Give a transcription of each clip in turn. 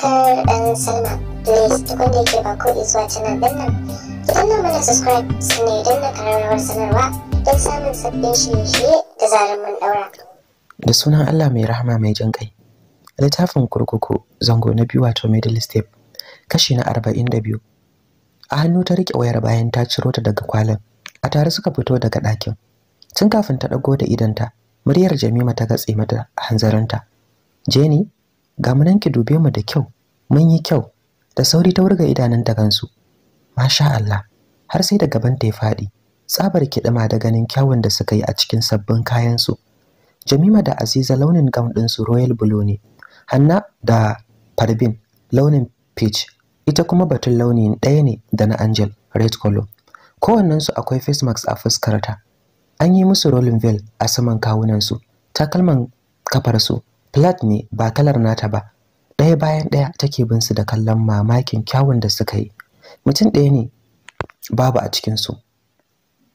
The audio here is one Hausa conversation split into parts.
subscribe and sign up. Please tukun da yake ba ko zuwa canal din nan. Ki danna mana subscribe sannan idan na kararrawar sanarwa don samun sabbin shirye-shirye da zarar mun daura. Da sunan Allah mai rahama mai jin kai. Littafin kurkuku zango na biyu wato middle step kashi na arba'in da biyu. A hannu ta riƙe wayar bayan ta ciro ta daga kwalin. A tare suka fito daga ɗakin. Tun kafin ta ɗago da idanta, muryar Jamima ta gatse mata hanzarinta. Jenny, ga mu nan ki dube mu da kyau mun yi kyau da sauri ta wurga idanun ta kansu masha Allah har sai da gaban ta ya faɗi tsabar kiɗima da ganin kyawun da suka yi a cikin sabbin kayansu jamima da aziza launin gown su royal blue ne hanna da farbin launin peach ita kuma batun launi ɗaya ne da na angel red color kowannensu akwai face mask a fuskarta an yi musu rolling veil a saman kawunan su, takalman kafar su. Flat ne ba kalar nata ba. Ɗaya bayan ɗaya take bin su da kallon mamakin kyawun da suka yi. Mutum ɗaya ne babu a cikinsu.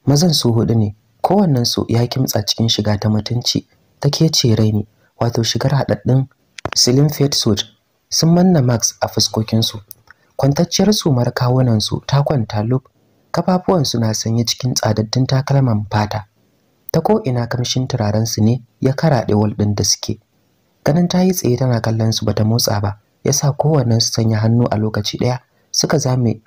Mazan su hudu ne, kowannensu ya kimtsa cikin shiga ta mutunci ta kece ne. wato shigar haɗaɗɗun slim fit suit sun manna max a fuskokinsu. Kwantacciyar sumar kawunansu ta kwanta lub, kafafuwansu na sanye cikin tsadaddun takalman fata. Ta ko'ina kamshin turarensu ne ya karaɗe wal ɗin da suke. ganin ta yi tsaye tana kallon su bata motsa ba yasa kowannen su sanya hannu a lokaci ɗaya suka zame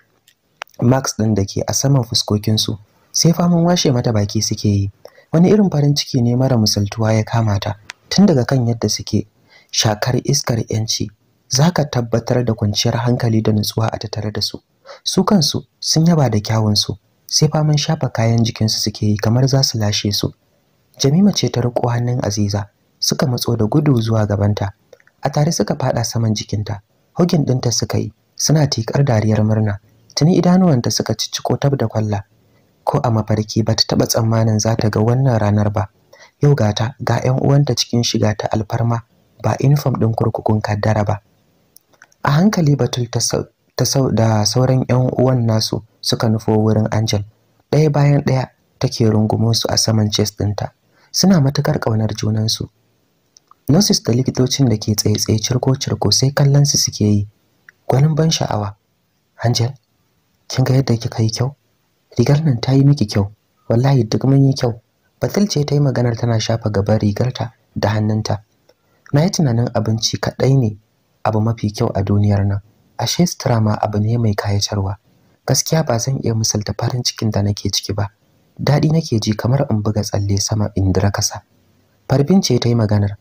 max ɗin da ke a saman fuskokinsu sai faman washe mata baki suke yi wani irin farin ciki ne mara musaltuwa ya kama ta tun daga kan yadda suke shakar iskar yanci zaka tabbatar da kwanciyar hankali da nutsuwa a tattare da su su kansu sun yaba da kyawunsu sai faman shafa kayan jikinsu suke yi kamar za su lashe su jamima ce ta riko hannun aziza suka matso da gudu zuwa gabanta a tare suka fada saman jikinta hugin ɗinta suka yi suna tikar dariyar murna tuni idanuwanta suka cicciko tab da kwalla ko a mafarki ba ta taɓa tsammanin za ta ga wannan ranar ba yau ga ta ga 'yan uwanta cikin shiga ta alfarma ba uniform ɗin kurkukun kaddara ba a hankali batul ta sau da sauran 'yan uwan nasu suka nufo wurin angel ɗaya bayan ɗaya take rungumo su a saman chest ɗinta suna matukar ƙaunar junansu nurses da likitocin da ke tsaye-tsaye cirko-cirko sai kallon su suke yi gwanin ban sha'awa Angel kin ga yadda kika yi kyau rigar nan ta yi miki kyau wallahi duk mun yi kyau Batul ce ta yi maganar tana shafa gaban rigarta da hannunta na yi tunanin abinci kaɗai ne abu mafi kyau a duniyar nan ashe sutura ma abu ne mai kayatarwa gaskiya ba zan iya misalta farin cikin da nake ciki ba daɗi nake ji kamar in buga tsalle sama in dira kasa farbin ce ta yi maganar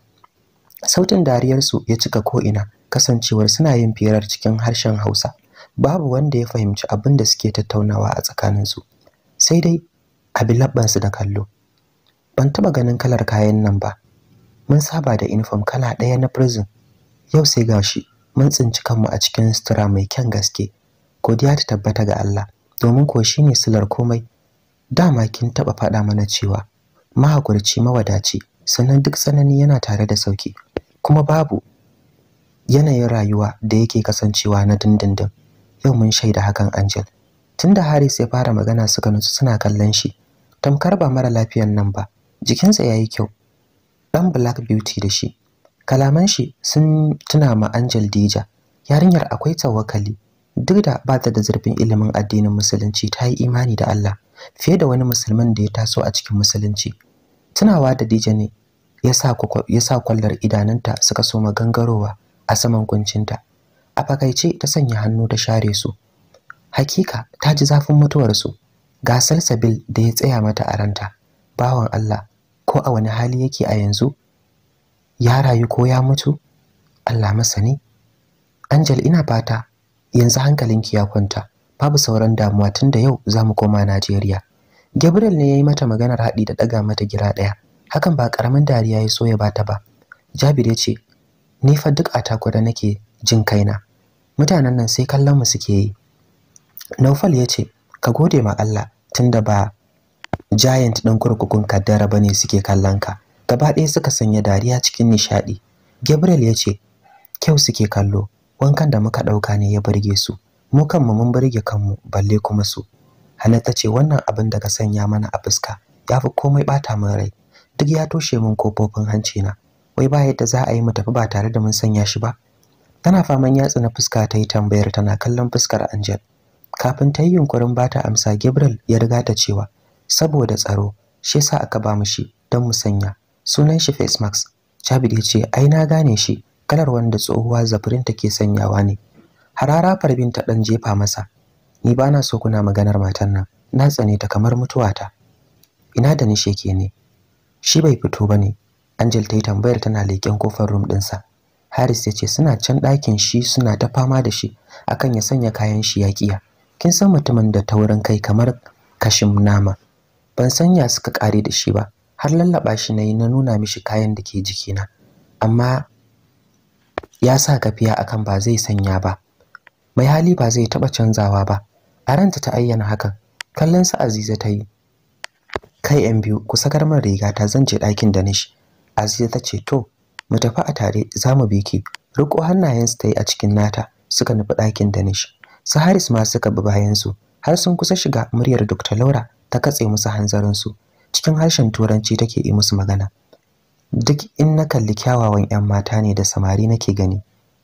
sautin dariyarsu ya cika ko'ina kasancewar suna yin firar cikin harshen hausa babu wanda ya fahimci abin da suke tattaunawa a tsakaninsu sai dai a bi labbansu da kallo ban taba ganin kalar kayan nan ba mun saba da uniform kala ɗaya na prison yau sai gashi mun tsinci kanmu a cikin sutura mai kyan gaske godiya ta tabbata ga Allah domin ko shine sular komai dama kin taba faɗa mana cewa mahakurci mawadaci sannan duk tsanani yana tare da sauki kuma babu yanayin rayuwa da yake kasancewa na dindindin yau mun shaida hakan Angel tunda Haris ya fara magana suka nutsu suna kallon shi tamkar ba mara lafiyan nan ba jikinsa ya yi kyau ɗan black beauty da shi kalaman shi sun tuna ma Angel Dija yarinyar akwai tawakali duk da ba ta da zurfin ilimin addinin musulunci ta yi imani da Allah fiye da wani musulmin da ya taso a cikin musulunci tunawa da Dija ne ya sa kwallar idananta suka soma gangarowa a saman kuncinta a fakaice ta sanya hannu ta share su hakika ta ji zafin mutuwarsu Gasar sabil da ya tsaya mata a ranta bawan allah ko a wani hali yake a yanzu ya rayu ko ya mutu allah masani angel ina fata yanzu hankalinki ya kwanta babu sauran damuwa tun da yau za mu koma najeriya Gabriel ne ya yi mata maganar haɗi da ɗaga mata gira ɗaya. Hakan ba ƙaramin dariya ya so ya bata ba. Jabir ya ce, Ni fa duk a taku da nake jin kaina. Mutanen nan sai kallon mu suke yi. Naufal ya ce, Ka gode ma Allah tunda ba giant ɗin kurkukun kaddara ba ne suke kallon ka. Gaba ɗaya suka sanya dariya cikin nishaɗi. Gabriel ya ce, Kyau suke kallo, wankan da muka ɗauka ne ya burge su. Mu kanmu mun burge kanmu balle kuma su. Hana ta ce wannan abin da ka sanya mana a fuska ya fi komai bata min rai. Duk ya toshe min kofofin hanci na. Wai ba yadda za a yi mu tafi ba tare da mun sanya shi ba. Tana faman yatsa na fuska ta yi tambayar tana kallon fuskar Angel. Kafin ta yi yunkurin ba ta amsa Gabriel ya riga ta cewa saboda tsaro shi yasa aka ba mu shi don mu sanya. Sunan shi face mask. Chabid ya ce ai na gane shi kalar wanda tsohuwa zafirin take sanyawa ne. Harara farbin ta dan jefa masa ni ba na so kuna maganar matan nan na tsane ta kamar mutuwata ina da nishe ke ne shi bai fito ba ne angel ta yi tambayar tana leƙen kofar rum ɗinsa haris ya ce suna can ɗakin shi suna ta fama da shi akan ya sanya kayan shi ya kiya kin san mutumin da taurin kai kamar kashin nama ban sanya suka kare da shi ba har lallaɓa shi na yi na nuna mishi kayan da ke jikina amma ya sa kafiya akan ba zai sanya ba mai hali ba zai taɓa canzawa ba a ranta ta ayyana hakan kallon su aziza ta yi kai yan biyu ku sakar min riga ta zan je ɗakin da nishi aziza ta ce to mu tafi a tare za mu bi ki riko hannayensu ta yi a cikin nata suka nufi ɗakin da nishi su haris ma suka bi bayansu har sun kusa shiga muryar dr laura ta katse musu hanzarinsu cikin harshen turanci take yi musu magana duk in na kalli kyawawan 'yan mata ne da samari nake gani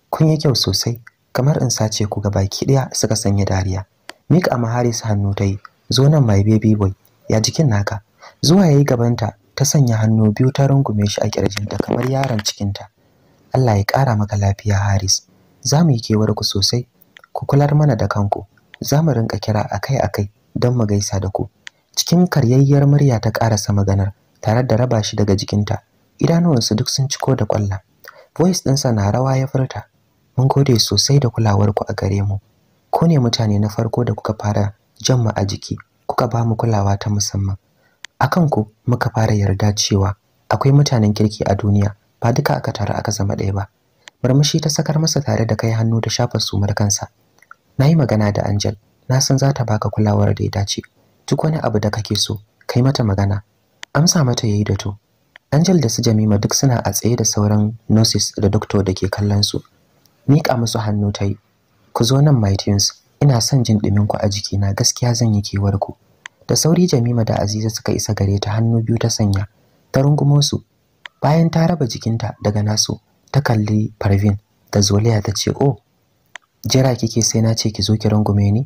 kun yi kyau sosai kamar in sace ku ga baki ɗaya suka sanya dariya Mik a maharis hannu ta yi zo nan mai baby boy ya jikin naka zuwa ya yi gabanta ta sanya hannu biyu ta rungume shi a kirjinta kamar yaron cikinta Allah ya ƙara maka lafiya Haris za mu yi kewar ku sosai ku kular mana da kanku za mu rinka kira akai-akai don mu gaisa da ku cikin karyayyar murya ta ƙarasa maganar tare da raba shi daga jikinta idanuwansu duk sun ciko da ƙwalla voice ɗinsa na rawa ya furta mun gode sosai da kulawarku a gare mu Ko ne mutane na farko da kuka fara jan a jiki, kuka ba mu kulawa ta musamman. Akan ku muka fara yarda cewa akwai mutanen kirki a duniya, ba duka aka taru aka zama ɗaya ba. Murmushi ta sakar masa tare da kai hannu ta shafa sumar kansa. Na yi magana da Angel, na san za ta baka kulawar da ya dace. Duk wani abu da kake so, kai mata magana. Amsa mata yayi da to. Angel da su Jamima duk suna a tsaye da sauran nurses da doctor da ke kallon su. Miƙa musu hannu ta yi, ku zo nan my tunes ina son jin dumin ku a jikina gaskiya zan yi kewar ku da sauri Jamima da Aziza suka isa gare ta hannu biyu ta sanya ta rungumo su bayan ta raba jikinta daga nasu ta kalli Parvin da Zoliya ta ce oh jira kike sai na ce ki zo ki rungume ni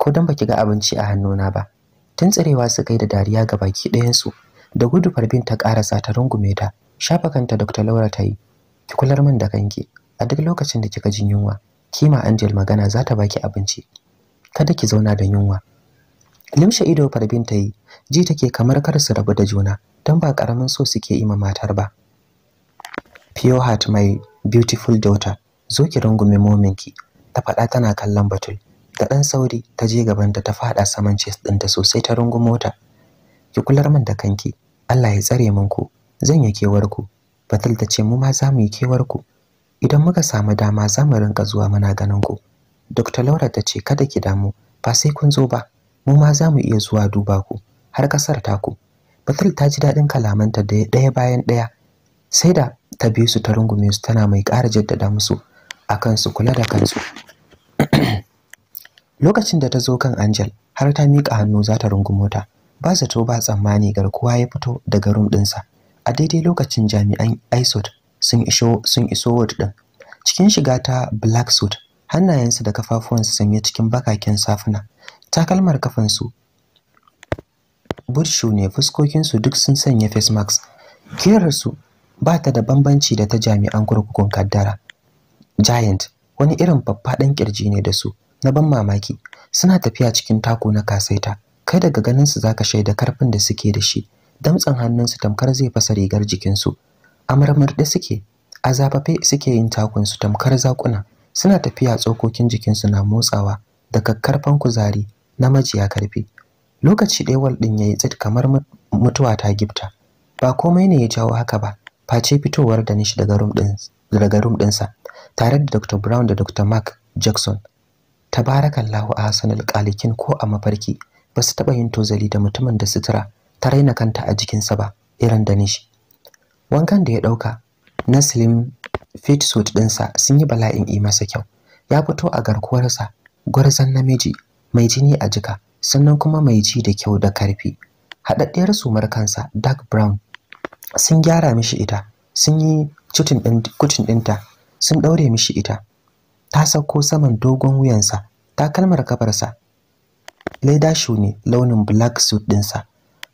ko dan baki ga abinci a hannu na ba tun tsarewa suka yi da dariya ga baki ɗayansu. da gudu Parvin ta karasa ta rungume ta shafa kanta Dr. Laura ta yi ki kular min da kanki a duk lokacin da kika jin yunwa kima Angel magana za ta baki abinci kada ki zauna da yunwa limshe ido farbin ta yi ji take kamar kar su rabu da juna don ba karamin so suke yi ma matar ba pure heart my beautiful daughter zo ki rungume mominki ta faɗa tana kallon batul da ɗan sauri ta je gabanta ta faɗa saman chest ɗinta sosai ta rungumota ki kular min da kanki Allah ya tsare min ku zan yi kewar ku batul ta ce mu ma za mu yi kewar ku idan muka samu dama za mu rinka zuwa muna ganin ku dr laura ta ce kada ki damu ba sai kun zo ba mu ma za mu iya zuwa duba ku har kasar ku. batul ta ji daɗin kalamanta ɗaya bayan ɗaya sai da ta bi su ta rungume su tana mai ƙara jaddada musu a kansu kula da kansu lokacin da ta zo kan angel har ta miƙa hannu za ta rungumo ta ba zato ba tsammani garkuwa ya fito daga rum ɗinsa a daidai lokacin jami'an isot sun iso sun iso cikin shiga ta black suit hannayensu da kafafuwansu sanye cikin bakakin safuna takalmar kafansu burshu ne fuskokinsu duk sun sanya face mask kirarsu ba ta da bambanci da ta jami'an kurkukun kaddara giant wani irin faffaɗan kirji ne da su na ban mamaki suna tafiya cikin tako na kasaita kai daga ganinsu zaka shaida karfin da suke da shi damtsan hannunsu tamkar zai fasa rigar jikinsu a marmarɗe suke a zafafe suke yin su tamkar zakuna suna tafiya tsokokin jikinsu na motsawa da kakkarfan kuzari na majiya karfi lokaci ɗaya wal ɗin ya yi tsit kamar mutuwa ta gifta ba komai ne ya jawo haka ba face fitowar da nishi daga rum ɗinsa tare da dr brown da dr mark jackson tabarakallahu a hasanul kalikin ko a mafarki ba su taɓa yin tozali da mutumin da sutura ta raina kanta a jikinsa ba irin da nishi wankan da ya ɗauka na slim fit suit ɗinsa sun yi bala'in yi masa kyau ya fito a garkuwarsa gwarzon namiji mai jini a jika sannan kuma mai ji da kyau da karfi haɗaɗɗiyar sumar kansa dark brown sun gyara mishi ita sun yi kucin ɗinta sun ɗaure mishi ita ta sauko saman dogon wuyansa takalmar kafarsa leda shoe ne launin black suit ɗinsa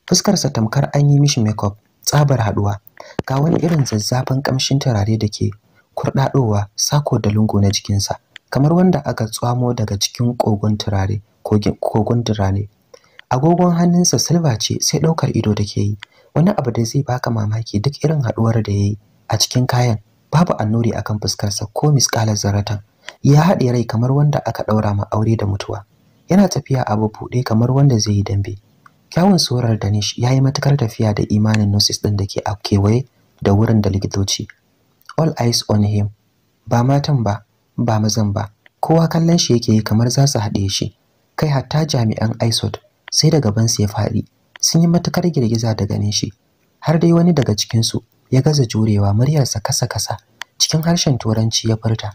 fuskarsa tamkar an yi mishi makeup tsabar haɗuwa ga wani irin zazzafan kamshin turare da ke kurɗaɗowa sako da lungu na jikinsa kamar wanda aka tsamo daga cikin kogon turare kogon turare agogon hannunsa silva ce sai ɗaukar ido da ke yi wani abu da zai baka mamaki duk irin haɗuwar da ya yi a cikin kayan babu annuri akan fuskarsa ko miskalar zaratan ya haɗe rai kamar wanda aka ɗaura ma aure da mutuwa yana tafiya abu buɗe kamar wanda zai yi dambe Kyawun surar Danish ya yi matukar tafiya da imanin Nosis ɗin da ke a kewaye da wurin da likitoci. All eyes on him. Ba matan ba, ba mazan ba. Kowa kallon shi yake yi kamar za su haɗe shi. Kai hatta jami'an ISOT sai da gabansu ya faɗi. Sun yi matukar girgiza da ganin shi. Har dai wani daga cikinsu ya gaza jurewa muryarsa kasa-kasa cikin harshen Turanci ya furta.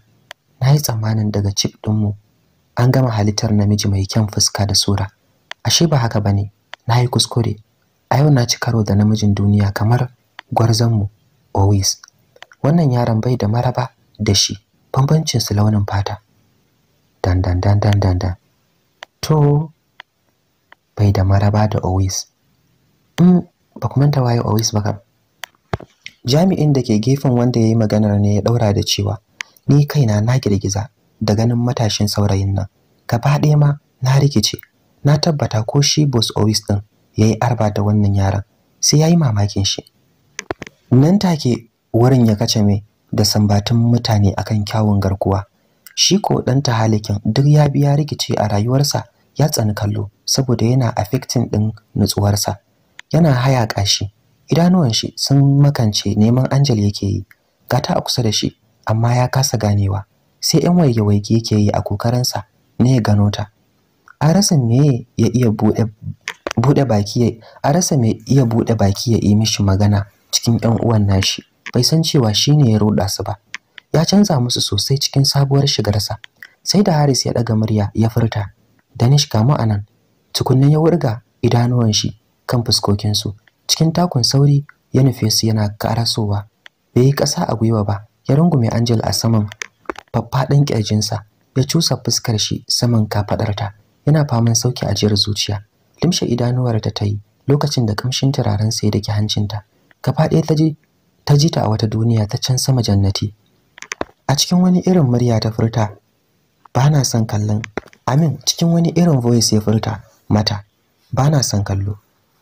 Na yi tsammanin daga cip ɗinmu an gama halittar namiji mai kyan fuska da sura. Ashe ba haka ba ne. na yi kuskure a yau na ci karo da namijin duniya kamar gwarzonmu always wannan yaron bai da maraba da shi bambancin su launin fata dan dan dan to bai da maraba da always in mm, ba ku manta waye always ba kam jami'in da ke gefen wanda ya yi maganar ne ya daura da cewa ni kaina na girgiza da ganin matashin saurayin nan gaba ɗaya ma na rikice na tabbata ko shi boss Owis din yayi arba da wannan yaran sai ya yi mamakin shi nan take wurin ya kace me da sambatun mutane akan kyawun garkuwa shi ko dan tahalikin duk ya biya rikici a rayuwarsa ya tsani kallo saboda yana affecting din nutsuwarsa yana haya kashi idanuwan shi sun makance neman Angel yake yi gata a kusa da shi amma ya kasa ganewa sai 'yan waye-waye yake yi a kokarinsa ne ya gano ta a rasa me ya iya buɗe baki a me iya buɗe baki ya yi mishi magana cikin 'yan uwan nashi bai san cewa shine ya ruɗa su ba ya canza musu sosai cikin sabuwar shigarsa sai da Haris ya ɗaga murya ya furta Danish kamu anan tukunnan ya wurga idanuwan shi kan fuskokin su cikin takun sauri ya nufe su yana karasowa bai yi ƙasa a gwiwa ba ya rungume Angel a saman faffaɗan ƙirjinsa ya cusa fuskar shi saman kafaɗarta yana faman sauki ajiyar zuciya limshe idanuwar ta tayi lokacin da kamshin turaren sai dake hancinta gaba ɗaya ta je ta ji ta a wata duniya ta can sama jannati a cikin wani irin murya ta furta ba na son kallon amin cikin wani irin voice ya furta mata ba na son kallo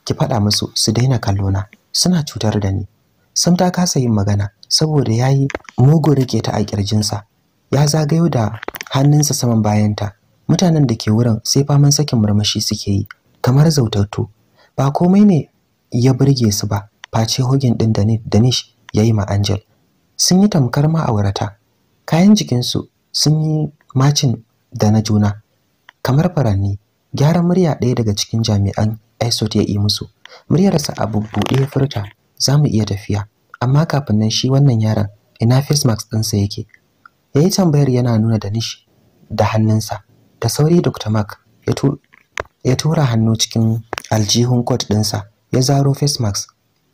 ki faɗa musu su daina kallo na suna cutar da ni sam ta kasa yin magana saboda yayi mugun rike ta a kirjinsa ya zagayo da hannunsa saman bayanta mutanen da ke wurin sai faman sakin murmushi suke yi kamar zautattu ba komai ne ya burge su ba face hogin din da danish ya yi ma angel sun yi tamkar ma'aurata kayan jikinsu sun yi macin da na juna kamar faranni gyaran murya ɗaya daga cikin jami'an isot ya yi musu muryarsa a bubbuɗe ya furta za iya tafiya amma kafin nan shi wannan yaran, ina face mask ɗinsa yake yayi tambayar yana nuna danish da hannunsa da sauri dr mark ya tura hannu cikin aljihun kot dinsa ya zaro face mask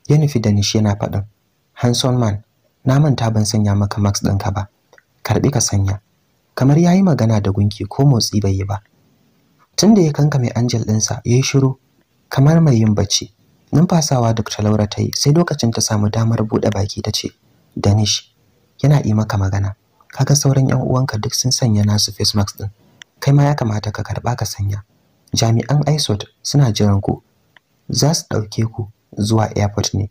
ya nufi da nishi yana faɗin hanson man na manta ban sanya maka mask ɗinka ba karɓi ka sanya kamar ya yi magana da gunki ko motsi bai yi ba Tunda da ya kankame angel ɗinsa ya yi shiru kamar mai yin bacci numfasawa dr laura ta yi sai lokacin ta samu damar buɗe baki ta ce danish yana yi maka magana kaga sauran yan uwanka duk sun sanya nasu face mask ɗin kai ma ya kamata ka karba ka sanya jami'an isot suna jiran ku za su dauke ku zuwa airport ne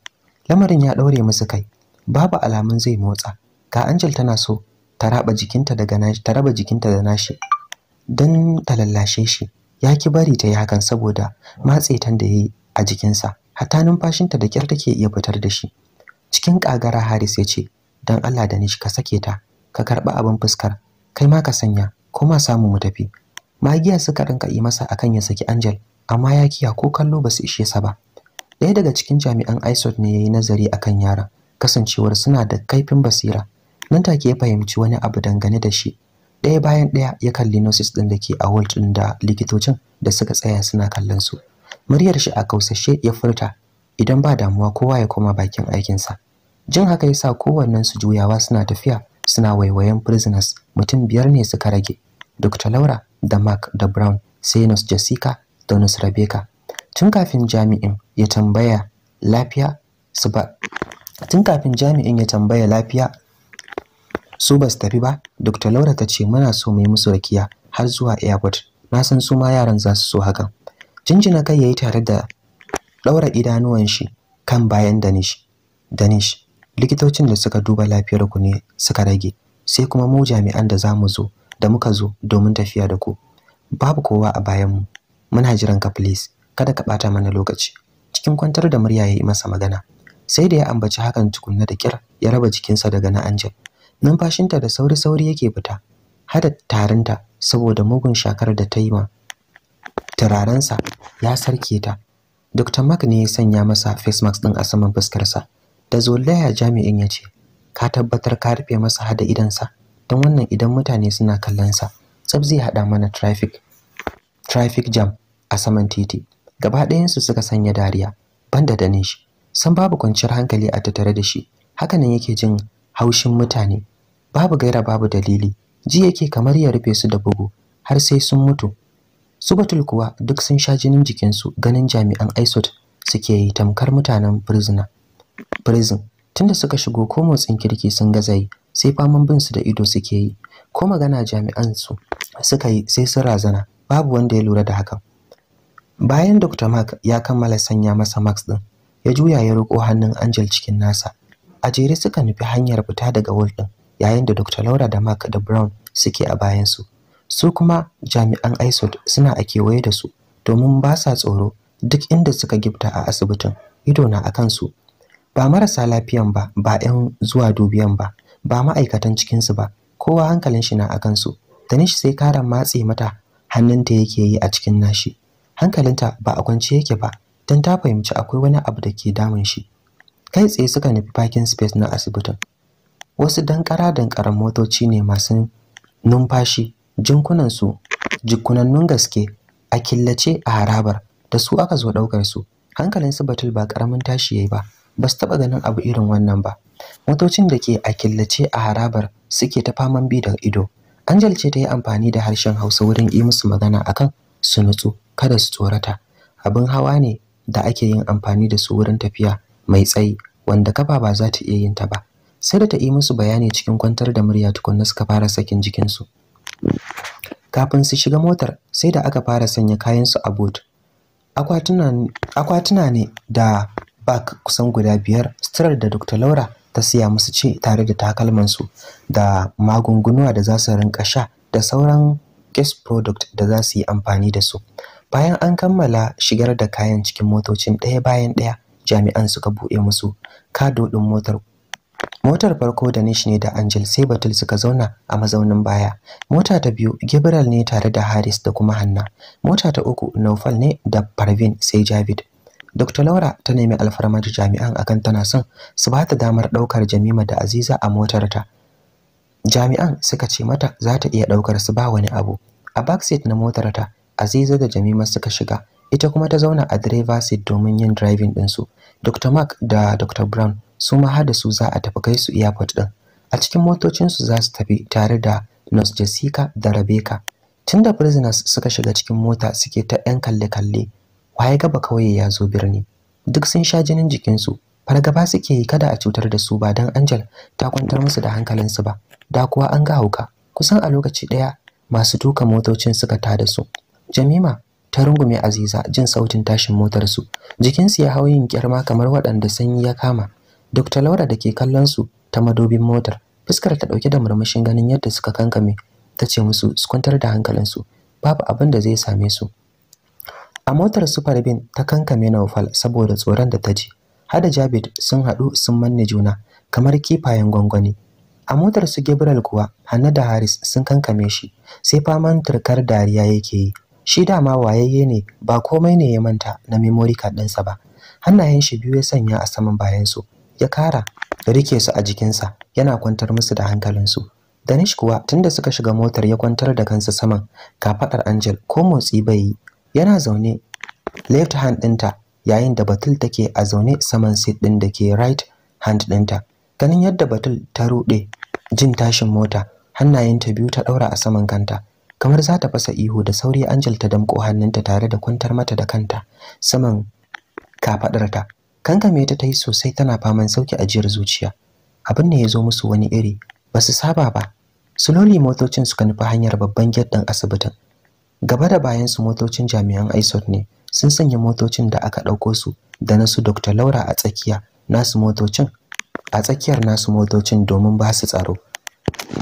lamarin ya daure musu kai babu alamun zai motsa ga angel tana so ta raba jikinta daga nashi ta raba jikinta da nashi dan ta lallashe shi ya ki bari ta yi hakan saboda matsetan da yayi a jikinsa hatta numfashinta da kyar take iya fitar da shi cikin kagara Haris ya ce dan Allah da shi ka sake ta ka karba abin fuskar kai ma ka sanya kuma samu mu tafi magiya suka rinka yi masa akan ya saki Angel amma ya kiya ko kallo basu ishe sa ba ɗaya daga cikin jami'an ISOT ne ya yi nazari akan yara kasancewar suna da kaifin basira nan take ya fahimci wani abu dangane da shi ɗaya bayan ɗaya ya kalli nosis ɗin da ke a hall ɗin da likitocin da suka tsaya suna kallon su muryar shi a kausashe ya furta idan ba damuwa kowa ya koma bakin aikinsa jin haka yasa kowannen su juyawa suna tafiya suna waiwayen prisoners mutum biyar ne suka rage Dr. Laura da Mark da Brown sai Nurse Jessica da Nurse Rebecca. Tun kafin jami'in ya tambaya lafiya su ba tun kafin jami'in ya tambaya lafiya su ba su tafi ba Dr. Laura ta ce muna so mu yi musu rakiya har zuwa airport na san su ma yaran za su so hakan jinjina kai yayi tare da ɗaura idanuwan shi kan bayan Danish Danish likitocin da suka duba lafiyar ku ne suka rage sai kuma mu jami'an da zamu zo da muka zo domin tafiya da ku babu kowa a bayanmu muna jiran ka please kada ka bata mana lokaci cikin kwantar da murya yayi masa magana sai da ya ambaci hakan tukunna da kyar ya raba jikinsa daga na Angel numfashinta da sauri sauri yake fita hada tarinta saboda mugun shakar da ta yi ma turarensa ya sarke ta Dr. Mark ne ya sanya masa face mask din a saman fuskarsa da zolaya jami'in ya ce ka tabbatar ka rufe masa hada idansa don wannan idan mutane suna kallon sa tsab zai hada mana traffic traffic jam a saman titi gaba ɗayansu suka sanya dariya banda da shi san babu kwanciyar hankali a tattare da shi hakanan yake jin haushin mutane babu gaira babu dalili ji yake kamar ya rufe su da bugu har sai sun mutu su batul kuwa duk sun sha jinin jikinsu ganin jami'an isot suke yi tamkar mutanen prison prison tunda suka shigo ko motsin kirki sun yi. sai faman bin su da ido suke yi ko magana jami'an su suka yi sai sun razana babu wanda ya lura da hakan bayan dr mark ya kammala sanya masa max din ya juya ya roƙo hannun angel cikin nasa a jere suka nufi hanyar fita daga wall din yayin da dr laura da mark da brown suke a bayansu su kuma jami'an isod suna a kewaye da su domin ba sa tsoro duk inda suka gifta a asibitin ido na a kansu ba marasa lafiyan ba ba 'yan zuwa dubiyan ba ba ma'aikatan cikinsu ba kowa hankalin shi na a kansu tanish sai karan matse mata hannunta yake yi a cikin nashi hankalinta ba a kwance yake ba don ta fahimci akwai wani abu da ke damun shi kai tsaye suka nufi parking space na asibitin wasu dankara karan motoci ne masu numfashi jinkunansu jikunannun gaske a killace a harabar da su aka zo ɗaukar su hankalin su batul ba karamin tashi yayi ba ba su taɓa ganin abu irin wannan ba motocin da ke a killace a harabar suke ta faman bi da ido Angel ce ta yi amfani da harshen Hausa wurin yi musu magana akan su nutsu kada su tsorata abin hawa ne da ake yin amfani da su wurin tafiya mai tsayi wanda kafa ba za ta iya yin ta ba sai da ta yi musu bayani cikin kwantar da murya tukunna suka fara sakin jikinsu kafin su shiga motar sai da aka fara sanya kayansu a boot akwatuna ne da bak kusan guda biyar sitirar da dr laura ta siya musu ci tare da takalmansu da magungunuwa da za su rinka sha da sauran guest product da za su yi amfani da su bayan an kammala shigar da kayan cikin motocin ɗaya bayan ɗaya jami'an suka buɗe musu kado ɗin motar motar farko da nish ne da angel sai batul suka zauna a mazaunin baya mota ta biyu gabriel ne tare da haris da kuma hanna mota ta uku naufal ne da parvin sai javid Dr. Laura ta nemi alfarmar jami'an akan tana son su ba ta damar ɗaukar Jamima da Aziza a motarta. Jami'an suka ce mata za ta iya ɗaukar su ba wani abu. A backseat na motarta, Aziza da Jamima suka shiga, ita kuma ta zauna a driver seat domin yin driving ɗinsu. Dr. Mark da Dr. Brown su ma hada su za a tafi kai su airport ɗin. A cikin motocinsu za su tafi tare da Nurse Jessica da Rebecca. Tunda prisoners suka shiga cikin mota suke ta 'yan kalle-kalle waye gaba kauye ya zo birni duk sun sha jinin jikinsu fargaba suke yi kada a cutar da su ba dan Angel ta kwantar musu da hankalinsu ba da kuwa an ga hauka kusan a lokaci daya masu tuka motocin suka tada su Jamima ta rungume Aziza jin sautin tashin motarsu. jikinsu ya hau yin kyarma kamar waɗanda sanyi ya kama Dr. Laura da ke kallon su ta madobin motar fuskar ta ɗauke da murmushin ganin yadda suka kankame ta ce musu su kwantar da hankalinsu babu abin da zai same su a motar Super bin ta kankame naufal saboda tsoron da ta ji hada jabit sun haɗu sun manne juna kamar kifayen gwangwani a motar su gabriel kuwa hanna da haris sun kankame shi sai faman turkar dariya yake yi shi dama wayayye ne ba komai ne ya manta na memory card ɗinsa ba hannayen shi biyu ya sanya a saman bayansu ya kara da rike su a jikinsa yana kwantar musu da hankalinsu danish kuwa tunda suka shiga motar ya kwantar da kansa saman kafaɗar angel ko motsi bai yi yana zaune left hand ɗinta yayin da batul take a zaune saman seat ɗin da ke right hand ɗinta ganin yadda batul ta ruɗe jin tashin mota hannayenta biyu ta ɗaura a saman kanta kamar za ta fasa ihu da sauri Angel ta damƙo hannunta tare da kwantar mata da kanta saman kafaɗarta kankame ta ta yi sosai tana faman sauki ajiyar zuciya abin ne ya zo musu wani iri ba su saba ba suloli motocin suka nufi hanyar babban gate ɗin asibitin gaba da bayan su motocin jami'an isot ne sun sanya motocin da aka ɗauko su da nasu dr laura a tsakiya nasu motocin a tsakiyar nasu motocin domin ba su tsaro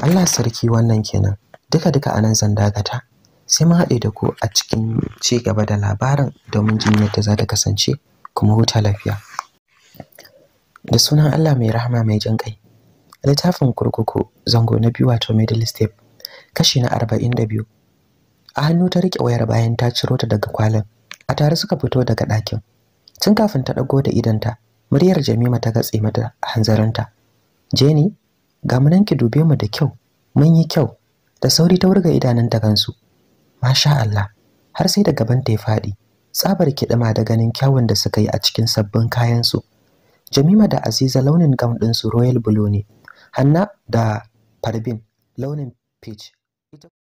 allah sarki wannan kenan duka duka a nan zan dakata sai mun haɗe da ku a cikin ci gaba da labarin domin jin yadda za ta kasance kuma huta lafiya da sunan allah mai rahama mai jin kai littafin kurkuku zango na biyu wato middle step kashi na arba'in da biyu a hannu ta riƙe wayar bayan ta ciro ta daga kwalin a tare suka fito daga ɗakin tun kafin ta ɗago da idanta muryar jamima ta gatse mata hanzarinta jeni ga mu nan ki dube mu da kyau mun yi kyau da sauri ta wurga ta kansu masha Allah har sai da gaban ta ya faɗi tsabar kiɗima da ganin kyawun da suka yi a cikin sabbin kayansu jamima da aziza launin gam ɗinsu royal blue ne hanna da farbin launin peach